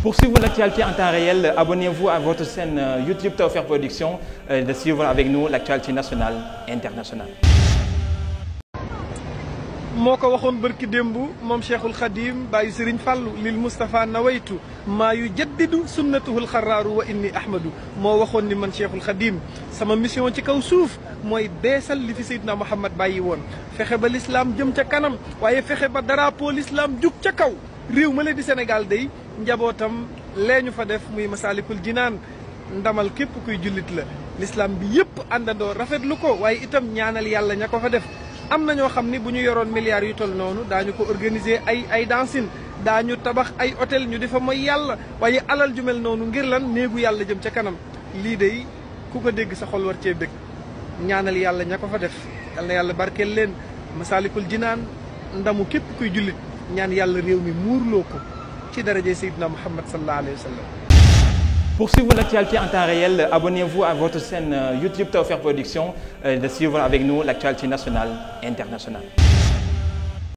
Pour suivre l'actualité en temps réel, abonnez-vous à votre chaîne euh, YouTube Tawfekh Production euh, de suivre avec nous l'actualité nationale et internationale. moo ko waxoon barki démb moom Cheikhul Khadim bàyyi Serigne Fallou lil Moustapha nawaytu maa yu jaddidu sunnatuhul xaraaru wa inni ahmadu moo waxoon ni man Cheikhul Khadim sama mission ci kaw suuf mooy beesal li fi Seydina Muhammad bàyyi woon fexe ba lislaam jëm ca kanam waaye fexe ba drapeau l'islam jug ca kaw réew ma di Sénégal day njabootam lee ñu fa def muy Masaalikul Jinaan ndamal képp kuy jullit la lislaam bi yëpp àndandoo rafet lu ko waaye itam ñaanal yàlla ña ko fa def am na ñoo xam ni bu ñu yoroon milliards yu toll noonu daañu ko organiser ay ay daa ñu tabax ay hôtel ñu di fa mooy yàlla waaye alal ju noonu ngir lan néegu yàlla jëm ca kanam lii dey ku ko dégg sa xol war cee dëgg ñaanal yàlla ña ko fa def yal na yàlla barkeel leen masaalikul jinaan ndamu képp kuy jullit ñaan yàlla réew mi muurloo ko ci daraje Seydina Muhammad sallallahu alayhi wa sallam Pour suivre l'actualité en temps réel, abonnez-vous à votre chaîne euh, YouTube Tawfekh Production euh, et de suivre avec nous l'actualité nationale et internationale.